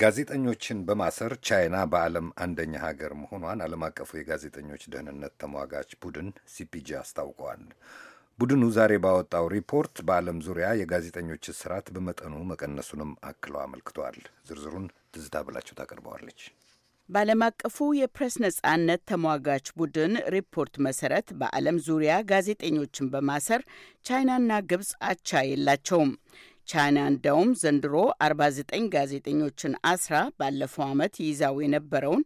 ጋዜጠኞችን በማሰር ቻይና በዓለም አንደኛ ሀገር መሆኗን ዓለም አቀፉ የጋዜጠኞች ደህንነት ተሟጋች ቡድን ሲፒጂ አስታውቀዋል። ቡድኑ ዛሬ ባወጣው ሪፖርት በዓለም ዙሪያ የጋዜጠኞች እስራት በመጠኑ መቀነሱንም አክለው አመልክተዋል። ዝርዝሩን ትዝታ ብላቸው ታቀርበዋለች። በዓለም አቀፉ የፕሬስ ነጻነት ተሟጋች ቡድን ሪፖርት መሰረት በዓለም ዙሪያ ጋዜጠኞችን በማሰር ቻይናና ግብፅ አቻ የላቸውም። ቻይና እንደውም ዘንድሮ 49 ጋዜጠኞችን አስራ ባለፈው ዓመት ይዛው የነበረውን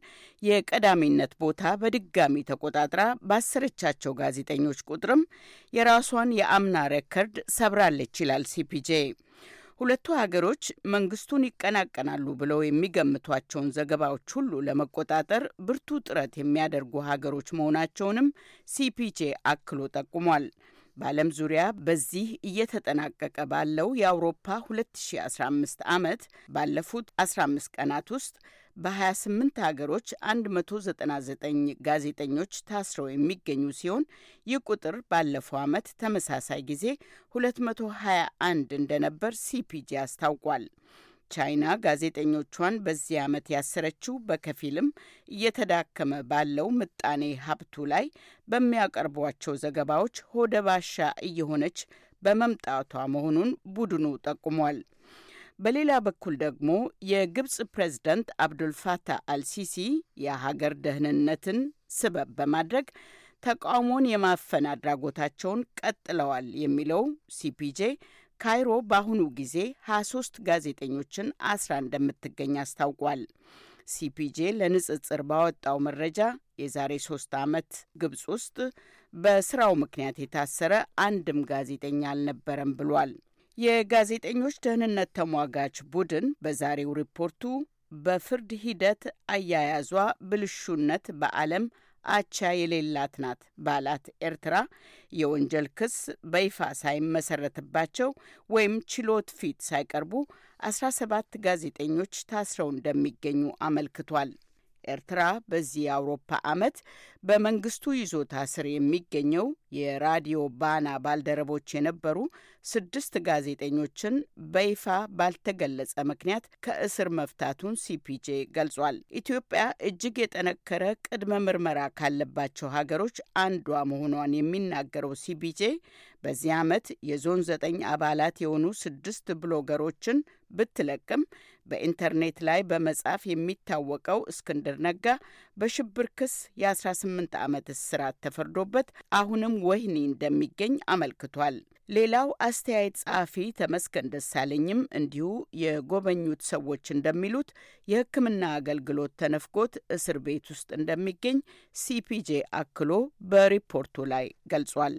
የቀዳሚነት ቦታ በድጋሚ ተቆጣጥራ ባሰረቻቸው ጋዜጠኞች ቁጥርም የራሷን የአምና ሬከርድ ሰብራለች ይላል ሲፒጄ። ሁለቱ ሀገሮች መንግስቱን ይቀናቀናሉ ብለው የሚገምቷቸውን ዘገባዎች ሁሉ ለመቆጣጠር ብርቱ ጥረት የሚያደርጉ ሀገሮች መሆናቸውንም ሲፒጄ አክሎ ጠቁሟል። በዓለም ዙሪያ በዚህ እየተጠናቀቀ ባለው የአውሮፓ 2015 ዓመት ባለፉት 15 ቀናት ውስጥ በ28 ሀገሮች 199 ጋዜጠኞች ታስረው የሚገኙ ሲሆን ይህ ቁጥር ባለፈው ዓመት ተመሳሳይ ጊዜ 221 እንደነበር ሲፒጂ አስታውቋል። ቻይና ጋዜጠኞቿን በዚህ ዓመት ያሰረችው በከፊልም እየተዳከመ ባለው ምጣኔ ሀብቱ ላይ በሚያቀርቧቸው ዘገባዎች ሆደ ባሻ እየሆነች በመምጣቷ መሆኑን ቡድኑ ጠቁሟል። በሌላ በኩል ደግሞ የግብፅ ፕሬዝዳንት አብዱልፋታህ አልሲሲ የሀገር ደህንነትን ስበብ በማድረግ ተቃውሞን የማፈን አድራጎታቸውን ቀጥለዋል የሚለው ሲፒጄ ካይሮ በአሁኑ ጊዜ 23 ጋዜጠኞችን አስራ እንደምትገኝ አስታውቋል። ሲፒጄ ለንጽጽር ባወጣው መረጃ የዛሬ ሶስት ዓመት ግብፅ ውስጥ በስራው ምክንያት የታሰረ አንድም ጋዜጠኛ አልነበረም ብሏል። የጋዜጠኞች ደህንነት ተሟጋች ቡድን በዛሬው ሪፖርቱ በፍርድ ሂደት አያያዟ ብልሹነት በዓለም አቻ የሌላት ናት ባላት ኤርትራ የወንጀል ክስ በይፋ ሳይመሰረትባቸው ወይም ችሎት ፊት ሳይቀርቡ 17 ጋዜጠኞች ታስረው እንደሚገኙ አመልክቷል። ኤርትራ በዚህ የአውሮፓ ዓመት በመንግስቱ ይዞታ ስር የሚገኘው የራዲዮ ባና ባልደረቦች የነበሩ ስድስት ጋዜጠኞችን በይፋ ባልተገለጸ ምክንያት ከእስር መፍታቱን ሲፒጄ ገልጿል። ኢትዮጵያ እጅግ የጠነከረ ቅድመ ምርመራ ካለባቸው ሀገሮች አንዷ መሆኗን የሚናገረው ሲፒጄ በዚህ ዓመት የዞን ዘጠኝ አባላት የሆኑ ስድስት ብሎገሮችን ብትለቅም በኢንተርኔት ላይ በመጻፍ የሚታወቀው እስክንድር ነጋ በሽብር ክስ የ18 ዓመት እስራት ተፈርዶበት አሁንም ወህኒ እንደሚገኝ አመልክቷል። ሌላው አስተያየት ጸሐፊ ተመስገን ደሳለኝም እንዲሁ የጎበኙት ሰዎች እንደሚሉት የሕክምና አገልግሎት ተነፍጎት እስር ቤት ውስጥ እንደሚገኝ ሲፒጄ አክሎ በሪፖርቱ ላይ ገልጿል።